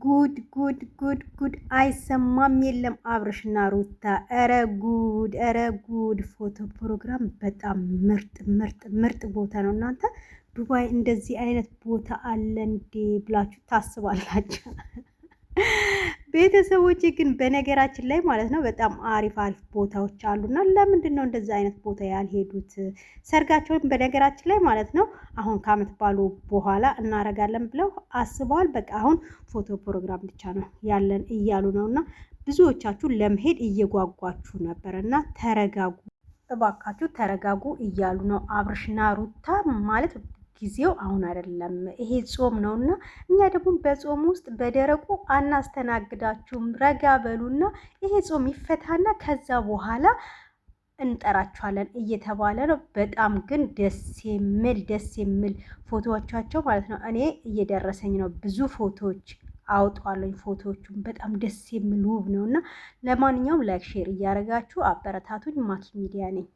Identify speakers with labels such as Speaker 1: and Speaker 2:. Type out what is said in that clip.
Speaker 1: ጉድ ጉድ ጉድ ጉድ አይሰማም የለም። አብርሽና ሩታ እረ ጉድ ኧረ ጉድ! ፎቶ ፕሮግራም በጣም ምርጥ ምርጥ ምርጥ ቦታ ነው። እናንተ ዱባይ እንደዚህ አይነት ቦታ አለ እንዴ ብላችሁ ታስባላችሁ? ቤተሰቦች ግን በነገራችን ላይ ማለት ነው በጣም አሪፍ አሪፍ ቦታዎች አሉና ለምንድን ነው እንደዚህ አይነት ቦታ ያልሄዱት? ሰርጋቸውን በነገራችን ላይ ማለት ነው አሁን ከአመት ባሉ በኋላ እናረጋለን ብለው አስበዋል። በቃ አሁን ፎቶ ፕሮግራም ብቻ ነው ያለን እያሉ ነው እና ብዙዎቻችሁ ለመሄድ እየጓጓችሁ ነበር እና ተረጋጉ፣ እባካችሁ ተረጋጉ እያሉ ነው አብርሽና ሩታ ማለት ጊዜው አሁን አይደለም። ይሄ ጾም ነው እና እኛ ደግሞ በጾም ውስጥ በደረቁ አናስተናግዳችሁም። ረጋ በሉና ይሄ ጾም ይፈታና ከዛ በኋላ እንጠራችኋለን እየተባለ ነው። በጣም ግን ደስ የሚል ደስ የሚል ፎቶዎቻቸው ማለት ነው። እኔ እየደረሰኝ ነው ብዙ ፎቶዎች አውጧለኝ ፎቶዎቹን በጣም ደስ የሚል ውብ ነው እና ለማንኛውም ላይክ ሼር እያደረጋችሁ አበረታቱኝ። ማኪ ሚዲያ ነኝ።